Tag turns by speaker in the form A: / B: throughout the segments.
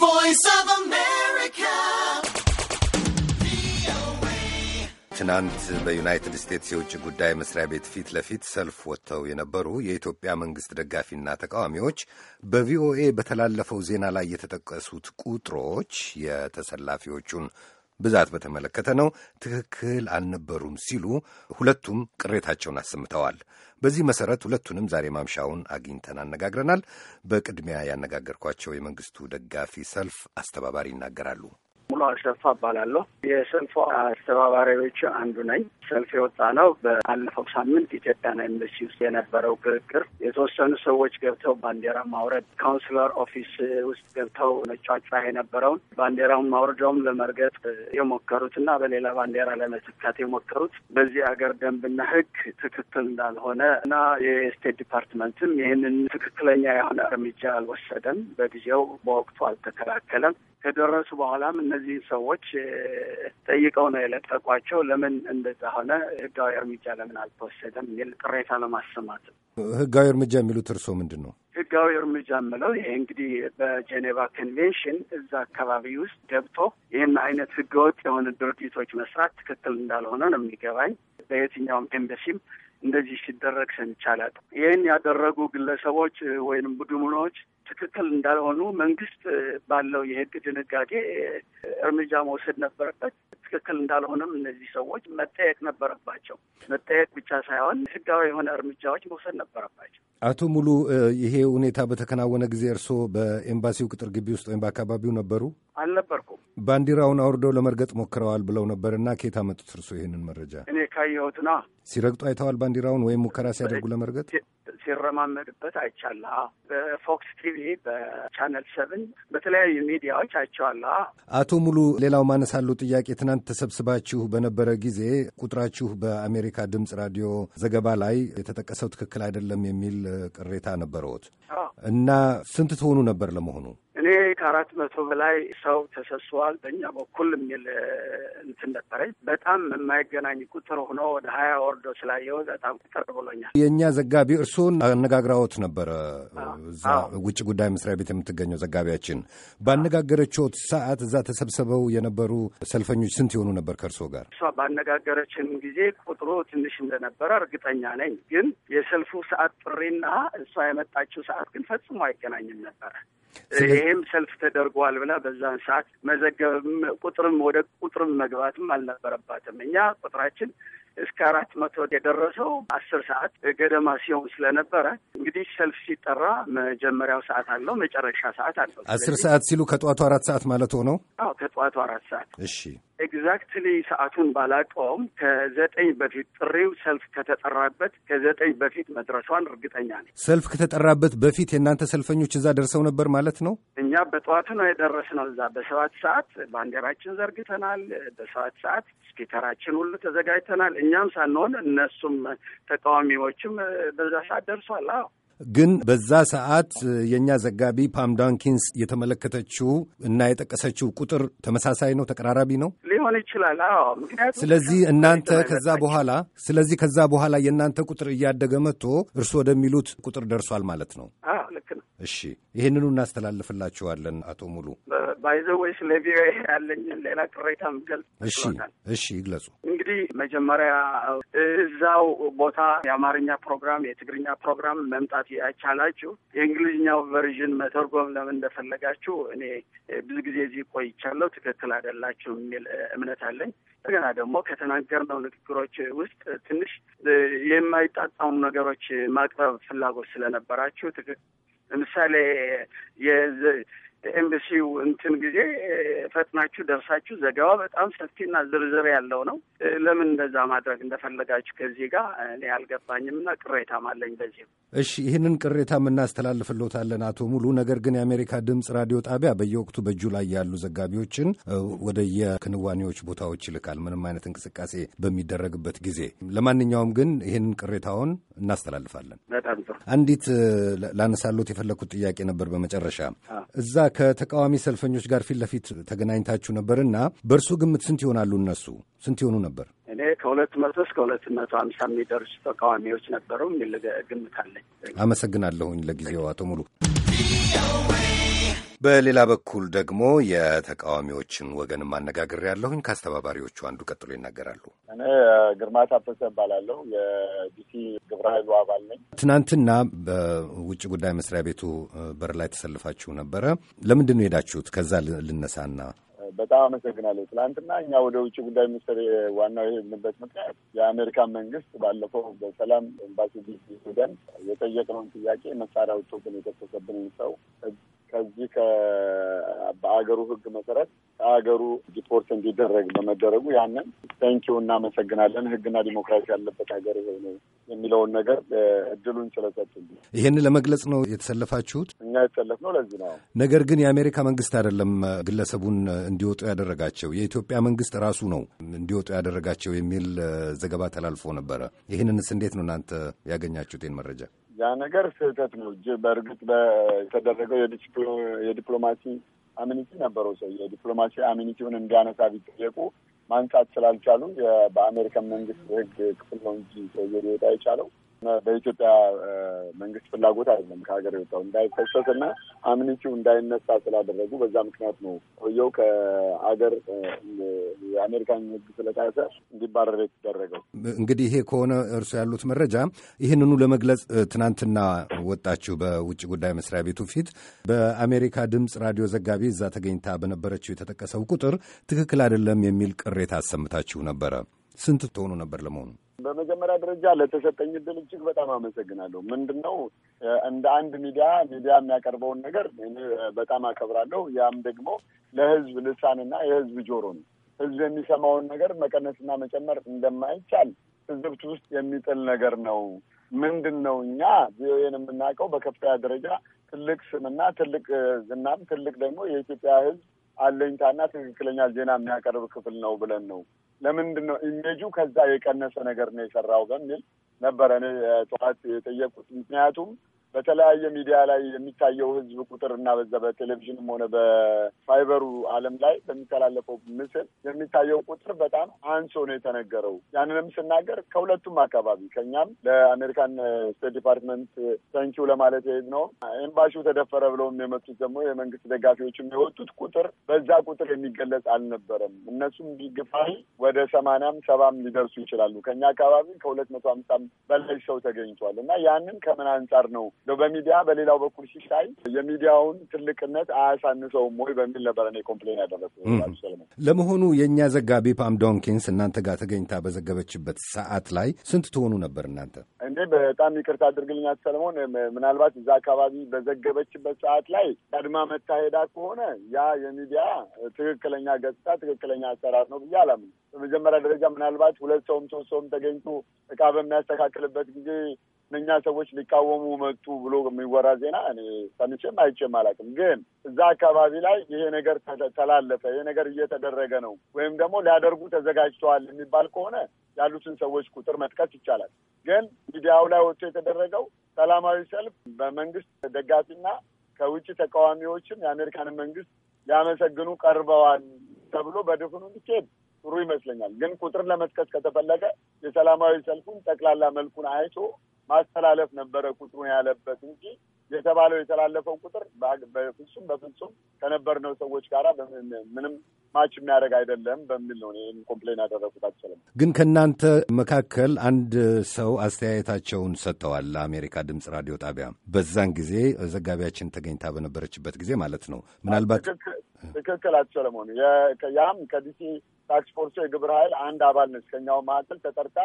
A: voice of America.
B: ትናንት በዩናይትድ ስቴትስ የውጭ ጉዳይ መስሪያ ቤት ፊት ለፊት ሰልፍ ወጥተው የነበሩ የኢትዮጵያ መንግስት ደጋፊና ተቃዋሚዎች በቪኦኤ በተላለፈው ዜና ላይ የተጠቀሱት ቁጥሮች የተሰላፊዎቹን ብዛት በተመለከተ ነው ትክክል አልነበሩም ሲሉ ሁለቱም ቅሬታቸውን አሰምተዋል። በዚህ መሰረት ሁለቱንም ዛሬ ማምሻውን አግኝተን አነጋግረናል። በቅድሚያ ያነጋገርኳቸው የመንግስቱ ደጋፊ ሰልፍ አስተባባሪ ይናገራሉ።
A: ሙሉ አሰፋ እባላለሁ። የሰልፉ አስተባባሪዎች አንዱ ነኝ። ሰልፍ የወጣ ነው። በአለፈው ሳምንት ኢትዮጵያና ኤምባሲ ውስጥ የነበረው ክርክር የተወሰኑ ሰዎች ገብተው ባንዲራ ማውረድ፣ ካውንስለር ኦፊስ ውስጥ ገብተው መጫጫ የነበረውን ባንዲራውን ማውረደውም ለመርገጥ የሞከሩት እና በሌላ ባንዲራ ለመተካት የሞከሩት በዚህ ሀገር ደንብና ሕግ ትክክል እንዳልሆነ እና የስቴት ዲፓርትመንትም ይህንን ትክክለኛ የሆነ እርምጃ አልወሰደም፣ በጊዜው በወቅቱ አልተከላከለም። ከደረሱ በኋላም እነዚህ ሰዎች ጠይቀው ነው የለቀቋቸው። ለምን እንደዛ ከሆነ ህጋዊ እርምጃ ለምን አልተወሰደም የሚል ቅሬታ ለማሰማት
B: ህጋዊ እርምጃ የሚሉት እርስዎ ምንድን ነው?
A: ህጋዊ እርምጃ የምለው ይሄ እንግዲህ በጄኔቫ ኮንቬንሽን እዛ አካባቢ ውስጥ ገብቶ ይህን አይነት ህገወጥ የሆኑ ድርጊቶች መስራት ትክክል እንዳልሆነ ነው የሚገባኝ። በየትኛውም ኤምበሲም እንደዚህ ሲደረግ ሰንቻላት። ይህን ያደረጉ ግለሰቦች ወይም ቡድኖች ትክክል እንዳልሆኑ መንግስት ባለው የህግ ድንጋጌ እርምጃ መውሰድ ነበረበት። ትክክል እንዳልሆነም እነዚህ ሰዎች መጠየቅ ነበረባቸው። መጠየቅ ብቻ ሳይሆን ህጋዊ የሆነ እርምጃዎች መውሰድ
B: ነበረባቸው። አቶ ሙሉ፣ ይሄ ሁኔታ በተከናወነ ጊዜ እርስዎ በኤምባሲው ቅጥር ግቢ ውስጥ ወይም በአካባቢው ነበሩ? አልነበርኩም። ባንዲራውን አውርደው ለመርገጥ ሞክረዋል ብለው ነበርና ከየት አመጡት እርሶ ይህንን መረጃ? እኔ ካየሁትና ሲረግጡ አይተዋል ባንዲራውን ወይም ሙከራ ሲያደርጉ ለመርገጥ
A: ሲረማመድበት አይቻላ። በፎክስ ቲቪ፣ በቻነል ሰብን፣ በተለያዩ ሚዲያዎች አይቸዋላ።
B: አቶ ሙሉ ሌላው ማነሳለሁ ጥያቄ ትናንት ተሰብስባችሁ በነበረ ጊዜ ቁጥራችሁ በአሜሪካ ድምፅ ራዲዮ ዘገባ ላይ የተጠቀሰው ትክክል አይደለም የሚል ቅሬታ ነበረዎት እና ስንት ትሆኑ ነበር ለመሆኑ?
A: ከአራት መቶ በላይ ሰው ተሰብስቧል። በእኛ በኩል የሚል እንትን ነበረኝ። በጣም የማይገናኝ ቁጥር ሆኖ ወደ ሀያ ወርዶ ስላየው በጣም ቁጥር ብሎኛል።
B: የእኛ ዘጋቢ እርስዎን አነጋግራዎት ነበረ። እዛ ውጭ ጉዳይ መስሪያ ቤት የምትገኘው ዘጋቢያችን ባነጋገረችዎት ሰዓት እዛ ተሰብስበው የነበሩ ሰልፈኞች ስንት የሆኑ ነበር? ከእርስዎ ጋር
A: እሷ ባነጋገረችን ጊዜ ቁጥሩ ትንሽ እንደነበረ እርግጠኛ ነኝ። ግን የሰልፉ ሰዓት ጥሪና እሷ የመጣችው ሰዓት ግን ፈጽሞ አይገናኝም ነበረ። ይህም ሰልፍ ተደርጓል ብላ በዛን ሰዓት መዘገብም ቁጥርም ወደ ቁጥርም መግባትም አልነበረባትም። እኛ ቁጥራችን እስከ አራት መቶ የደረሰው አስር ሰዓት ገደማ ሲሆን ስለነበረ እንግዲህ ሰልፍ ሲጠራ መጀመሪያው ሰዓት አለው፣ መጨረሻ ሰዓት አለው። አስር
B: ሰዓት ሲሉ ከጠዋቱ አራት ሰዓት ማለት ሆነው?
A: አዎ ከጠዋቱ አራት ሰዓት እሺ። ኤግዛክትሊ ሰዓቱን ባላውቀውም ከዘጠኝ በፊት ጥሪው ሰልፍ ከተጠራበት ከዘጠኝ በፊት መድረሷን እርግጠኛ ነኝ።
B: ሰልፍ ከተጠራበት በፊት የእናንተ ሰልፈኞች እዛ ደርሰው ነበር ማለት ነው?
A: እኛ በጠዋቱ ነው የደረስነው። እዛ በሰባት ሰዓት ባንዲራችን ዘርግተናል። በሰባት ሰዓት ስፒከራችን ሁሉ ተዘጋጅተናል። እኛም ሳንሆን እነሱም ተቃዋሚዎችም በዛ ሰዓት ደርሷል። አዎ
B: ግን በዛ ሰዓት የእኛ ዘጋቢ ፓም ዳንኪንስ የተመለከተችው እና የጠቀሰችው ቁጥር ተመሳሳይ ነው፣ ተቀራራቢ ነው
A: ሊሆን ይችላል። አዎ ምክንያቱም ስለዚህ እናንተ ከዛ
B: በኋላ ስለዚህ ከዛ በኋላ የእናንተ ቁጥር እያደገ መጥቶ እርስ ወደሚሉት ቁጥር ደርሷል ማለት ነው። አዎ ልክ ነው። እሺ፣ ይህንኑ እናስተላልፍላችኋለን። አቶ ሙሉ
A: ባይዘወይ ስለ ቪኦኤ ያለኝን ሌላ ቅሬታ ገልጽ።
B: እሺ፣ እሺ፣ ይግለጹ።
A: እንግዲህ መጀመሪያ እዛው ቦታ የአማርኛ ፕሮግራም፣ የትግርኛ ፕሮግራም መምጣት ያቻላችሁ የእንግሊዝኛው ቨርዥን መተርጎም ለምን እንደፈለጋችሁ እኔ ብዙ ጊዜ እዚህ ቆይቻለሁ። ትክክል አይደላችሁ የሚል እምነት አለኝ። እንደገና ደግሞ ከተናገርነው ንግግሮች ውስጥ ትንሽ የማይጣጣሙ ነገሮች ማቅረብ ፍላጎት ስለነበራችሁ ትክክል ለምሳሌ ኤምበሲው እንትን ጊዜ ፈጥናችሁ ደርሳችሁ ዘገባ በጣም ሰፊና ዝርዝር ያለው ነው። ለምን እንደዛ ማድረግ እንደፈለጋችሁ ከዚህ ጋር እኔ አልገባኝም እና ቅሬታም አለኝ በዚህ።
B: እሺ ይህንን ቅሬታም እናስተላልፍልዎታለን አቶ ሙሉ። ነገር ግን የአሜሪካ ድምፅ ራዲዮ ጣቢያ በየወቅቱ በእጁ ላይ ያሉ ዘጋቢዎችን ወደ የክንዋኔዎች ቦታዎች ይልካል፣ ምንም አይነት እንቅስቃሴ በሚደረግበት ጊዜ። ለማንኛውም ግን ይህንን ቅሬታውን እናስተላልፋለን። በጣም ጥሩ። አንዲት ላነሳሎት የፈለግኩት ጥያቄ ነበር በመጨረሻ እዛ ከተቃዋሚ ሰልፈኞች ጋር ፊት ለፊት ተገናኝታችሁ ነበርና በእርሱ ግምት ስንት ይሆናሉ? እነሱ ስንት ይሆኑ ነበር?
A: እኔ ከሁለት መቶ እስከ ሁለት መቶ ሀምሳ የሚደርሱ ተቃዋሚዎች ነበሩ የሚል ግምት አለኝ።
B: አመሰግናለሁኝ ለጊዜው አቶ ሙሉ በሌላ በኩል ደግሞ የተቃዋሚዎችን ወገን ማነጋገር ያለሁኝ ከአስተባባሪዎቹ አንዱ ቀጥሎ ይናገራሉ።
C: እኔ ግርማ ታፈሰ እባላለሁ። የዲሲ ግብረ ኃይሉ አባል ነኝ።
B: ትናንትና በውጭ ጉዳይ መስሪያ ቤቱ በር ላይ ተሰልፋችሁ ነበረ። ለምንድን ነው ሄዳችሁት? ከዛ ልነሳና
C: በጣም አመሰግናለሁ። ትናንትና እኛ ወደ ውጭ ጉዳይ ሚኒስትር ዋናው የሄድንበት ምክንያት የአሜሪካን መንግስት ባለፈው በሰላም ኤምባሲ ሱዳን የጠየቅነውን ጥያቄ መሳሪያ ውጡብን የተኮሰብንን ሰው ከዚህ በአገሩ ህግ መሰረት ከአገሩ ዲፖርት እንዲደረግ በመደረጉ ያንን ተንኪው እናመሰግናለን፣ ህግና ዲሞክራሲ ያለበት ሀገር ይሄ ነው የሚለውን ነገር እድሉን ስለሰጡ
B: ይህን ለመግለጽ ነው የተሰለፋችሁት።
C: እኛ የተሰለፍነው ለዚህ ነው።
B: ነገር ግን የአሜሪካ መንግስት አይደለም ግለሰቡን እንዲወጡ ያደረጋቸው፣ የኢትዮጵያ መንግስት ራሱ ነው እንዲወጡ ያደረጋቸው የሚል ዘገባ ተላልፎ ነበረ። ይህንንስ እንዴት ነው እናንተ ያገኛችሁት ይህን መረጃ?
C: ያ ነገር ስህተት ነው እ በእርግጥ የተደረገው የዲፕሎማሲ አሚኒቲ ነበረው ሰው የዲፕሎማሲ አሚኒቲውን እንዲያነሳ ቢጠየቁ ማንሳት ስላልቻሉ በአሜሪካን መንግስት ህግ ክፍል ነው እንጂ ሰውየ ሊወጣ የቻለው በኢትዮጵያ መንግስት ፍላጎት አይደለም ከሀገር የወጣው እንዳይፈሰስ እና አምኒቲው እንዳይነሳ ስላደረጉ በዛ ምክንያት ነው ቆየው ከሀገር የአሜሪካን ህግ ስለጣሰ እንዲባረር የተደረገው።
B: እንግዲህ ይሄ ከሆነ እርሱ ያሉት መረጃ ይህንኑ ለመግለጽ ትናንትና ወጣችሁ በውጭ ጉዳይ መስሪያ ቤቱ ፊት በአሜሪካ ድምፅ ራዲዮ ዘጋቢ እዛ ተገኝታ በነበረችው የተጠቀሰው ቁጥር ትክክል አይደለም የሚል ቅሬታ አሰምታችሁ ነበረ። ስንት ትሆኑ ነበር ለመሆኑ?
C: በመጀመሪያ ደረጃ ለተሰጠኝ እድል እጅግ በጣም አመሰግናለሁ። ምንድን ነው እንደ አንድ ሚዲያ ሚዲያ የሚያቀርበውን ነገር በጣም አከብራለሁ። ያም ደግሞ ለህዝብ ልሳንና የህዝብ ጆሮ ነው። ህዝብ የሚሰማውን ነገር መቀነስና መጨመር እንደማይቻል ህዝብት ውስጥ የሚጥል ነገር ነው። ምንድን ነው እኛ ቪኦኤን የምናውቀው በከፍተኛ ደረጃ ትልቅ ስምና ትልቅ ዝናም ትልቅ ደግሞ የኢትዮጵያ ህዝብ አለኝታና ትክክለኛ ዜና የሚያቀርብ ክፍል ነው ብለን ነው ለምንድን ነው ኢሜጁ ከዛ የቀነሰ ነገር ነው የሰራው በሚል ነበረ እኔ ጠዋት የጠየቁት። ምክንያቱም በተለያየ ሚዲያ ላይ የሚታየው ህዝብ ቁጥር እና በዛ በቴሌቪዥንም ሆነ በፋይበሩ ዓለም ላይ በሚተላለፈው ምስል የሚታየው ቁጥር በጣም አንሶ ነው የተነገረው። ያንንም ስናገር ከሁለቱም አካባቢ ከኛም ለአሜሪካን ስቴት ዲፓርትመንት ተንኪው ለማለት የሄድ ነው። ኤምባሲው ተደፈረ ብለውም የመጡት ደግሞ የመንግስት ደጋፊዎችም የወጡት ቁጥር በዛ ቁጥር የሚገለጽ አልነበረም። እነሱም ቢግፋይ ወደ ሰማንያም ሰባም ሊደርሱ ይችላሉ። ከኛ አካባቢ ከሁለት መቶ ሀምሳም በላይ ሰው ተገኝቷል እና ያንን ከምን አንጻር ነው በሚዲያ በሌላው በኩል ሲታይ የሚዲያውን ትልቅነት አያሳንሰውም ወይ በሚል ነበረ እኔ ኮምፕሌን ያደረኩት።
B: ለመሆኑ የእኛ ዘጋቢ ፓም ዶንኪንስ እናንተ ጋር ተገኝታ በዘገበችበት ሰዓት ላይ ስንት ትሆኑ ነበር እናንተ?
C: እንዴ በጣም ይቅርታ አድርግልኝ ሰለሞን፣ ምናልባት እዛ አካባቢ በዘገበችበት ሰዓት ላይ ቀድማ መታሄዳ ከሆነ ያ የሚዲያ ትክክለኛ ገጽታ ትክክለኛ አሰራር ነው ብዬ አላምን። በመጀመሪያ ደረጃ ምናልባት ሁለት ሰውም ሶስት ሰውም ተገኝቶ እቃ በሚያስተካክልበት ጊዜ እነኛ ሰዎች ሊቃወሙ መጡ ብሎ የሚወራ ዜና እኔ ሰምቼም አይቼም አላውቅም። ግን እዛ አካባቢ ላይ ይሄ ነገር ተላለፈ፣ ይሄ ነገር እየተደረገ ነው ወይም ደግሞ ሊያደርጉ ተዘጋጅተዋል የሚባል ከሆነ ያሉትን ሰዎች ቁጥር መጥቀስ ይቻላል። ግን ሚዲያው ላይ ወጥቶ የተደረገው ሰላማዊ ሰልፍ በመንግስት ደጋፊና ከውጭ ተቃዋሚዎችም የአሜሪካን መንግስት ሊያመሰግኑ ቀርበዋል ተብሎ በድፍኑ እንዲኬድ ጥሩ ይመስለኛል። ግን ቁጥር ለመጥቀስ ከተፈለገ የሰላማዊ ሰልፉን ጠቅላላ መልኩን አይቶ ማስተላለፍ ነበረ ቁጥሩን ያለበት እንጂ የተባለው የተላለፈው ቁጥር በፍጹም በፍጹም ከነበርነው ሰዎች ጋር ምንም ማች የሚያደርግ አይደለም በሚል ነው ይህም ኮምፕሌን ያደረጉት። አልችልም
B: ግን ከእናንተ መካከል አንድ ሰው አስተያየታቸውን ሰጥተዋል ለአሜሪካ ድምፅ ራዲዮ ጣቢያ በዛን ጊዜ ዘጋቢያችን ተገኝታ በነበረችበት ጊዜ ማለት ነው። ምናልባት
C: ትክክል አልችልም ያም ከዲሲ ታክስ ፎርሶ የግብረ ኃይል አንድ አባል ነች ከኛው መካከል ተጠርታ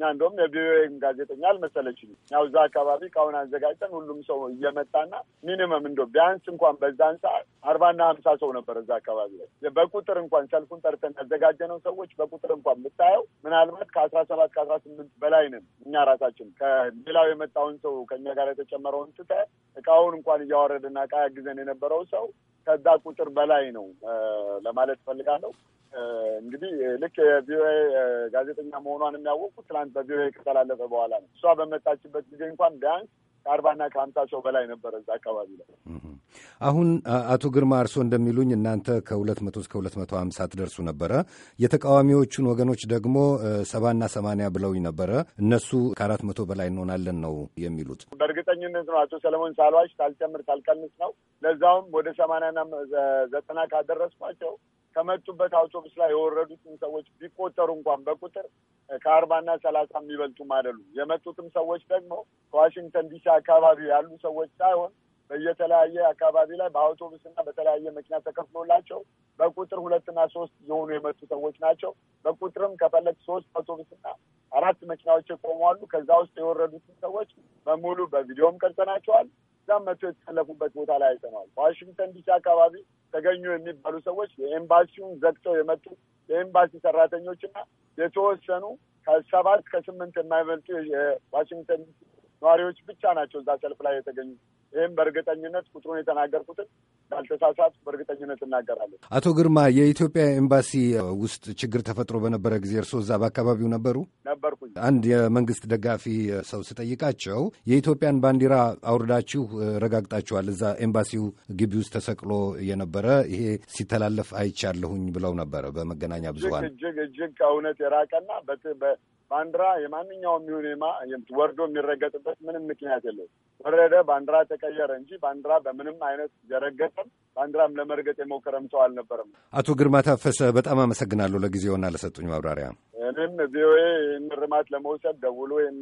C: እኛ እንደውም የቪኦኤም ጋዜጠኛ አልመሰለችም። ያው እዛ አካባቢ እቃውን አዘጋጅተን ሁሉም ሰው እየመጣና ሚኒመም እንደ ቢያንስ እንኳን በዛን ሰዓት አርባና ሀምሳ ሰው ነበር እዛ አካባቢ ላይ በቁጥር እንኳን ሰልፉን ጠርተን ያዘጋጀነው ሰዎች በቁጥር እንኳን ብታየው ምናልባት ከአስራ ሰባት ከአስራ ስምንት በላይ ነን እኛ ራሳችን ከሌላው የመጣውን ሰው ከኛ ጋር የተጨመረውን ትተ እቃውን እንኳን እያወረድና እቃ ያግዘን የነበረው ሰው ከዛ ቁጥር በላይ ነው ለማለት እፈልጋለሁ። እንግዲህ ልክ የቪኦኤ ጋዜጠኛ መሆኗን የሚያወቁት ትናንት በቪኦኤ ከተላለፈ በኋላ ነው። እሷ በመጣችበት ጊዜ እንኳን ቢያንስ ከአርባና ከሀምሳ ሰው በላይ ነበረ እዛ አካባቢ ላይ።
B: አሁን አቶ ግርማ እርሶ እንደሚሉኝ እናንተ ከሁለት መቶ እስከ ሁለት መቶ ሀምሳ ትደርሱ ነበረ። የተቃዋሚዎቹን ወገኖች ደግሞ ሰባና ሰማንያ ብለውኝ ነበረ። እነሱ ከአራት መቶ በላይ እንሆናለን ነው የሚሉት።
C: በእርግጠኝነት ነው አቶ ሰለሞን ሳልዋሽ፣ ሳልጨምር ሳልቀንስ ነው። ለዛውም ወደ ሰማንያና ዘጠና ካደረስኳቸው ከመጡበት አውቶቡስ ላይ የወረዱትን ሰዎች ቢቆጠሩ እንኳን በቁጥር ከአርባና ሰላሳ የሚበልጡም አይደሉም። የመጡትም ሰዎች ደግሞ ከዋሽንግተን ዲሲ አካባቢ ያሉ ሰዎች ሳይሆን በየተለያየ አካባቢ ላይ በአውቶቡስ እና በተለያየ መኪና ተከፍሎላቸው በቁጥር ሁለትና ሶስት የሆኑ የመጡ ሰዎች ናቸው። በቁጥርም ከፈለግ ሶስት አውቶቡስና አራት መኪናዎች የቆሟሉ። ከዛ ውስጥ የወረዱትን ሰዎች በሙሉ በቪዲዮም ቀርጸናቸዋል። እዛም መቶ የተሰለፉበት ቦታ ላይ አይተነዋል። በዋሽንግተን ዲሲ አካባቢ ተገኙ የሚባሉ ሰዎች የኤምባሲውን ዘግተው የመጡ የኤምባሲ ሰራተኞችና የተወሰኑ ከሰባት ከስምንት የማይበልጡ የዋሽንግተን ነዋሪዎች ብቻ ናቸው እዛ ሰልፍ ላይ የተገኙ። ይህም በእርግጠኝነት ቁጥሩን የተናገርኩትን ባልተሳሳት በእርግጠኝነት
B: እናገራለን። አቶ ግርማ የኢትዮጵያ ኤምባሲ ውስጥ ችግር ተፈጥሮ በነበረ ጊዜ እርስዎ እዛ በአካባቢው ነበሩ? ነበርኩኝ። አንድ የመንግስት ደጋፊ ሰው ስጠይቃቸው የኢትዮጵያን ባንዲራ አውርዳችሁ ረጋግጣችኋል፣ እዛ ኤምባሲው ግቢ ውስጥ ተሰቅሎ የነበረ ይሄ ሲተላለፍ አይቻለሁኝ ብለው ነበረ በመገናኛ ብዙሃን።
C: እጅግ እጅግ ከእውነት የራቀና ባንዲራ የማንኛውም ይሁን ወርዶ የሚረገጥበት ምንም ምክንያት የለውም። ወረደ ባንዲራ ተቀየረ እንጂ ባንዲራ በምንም አይነት የረገጠም ባንዲራም ለመርገጥ የሞከረም ሰው አልነበረም።
B: አቶ ግርማ ታፈሰ በጣም አመሰግናለሁ ለጊዜውና ለሰጡኝ ማብራሪያ።
C: እኔም ቪኦኤ ይህን ርማት ለመውሰድ ደውሎ ይህን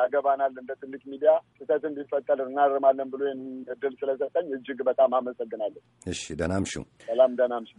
C: ያገባናል እንደ ትልቅ ሚዲያ ስህተት እንዲፈጠር እናርማለን ብሎ ይህን እድል ስለሰጠኝ እጅግ በጣም አመሰግናለሁ። እሺ ደህና ሰላም ደህና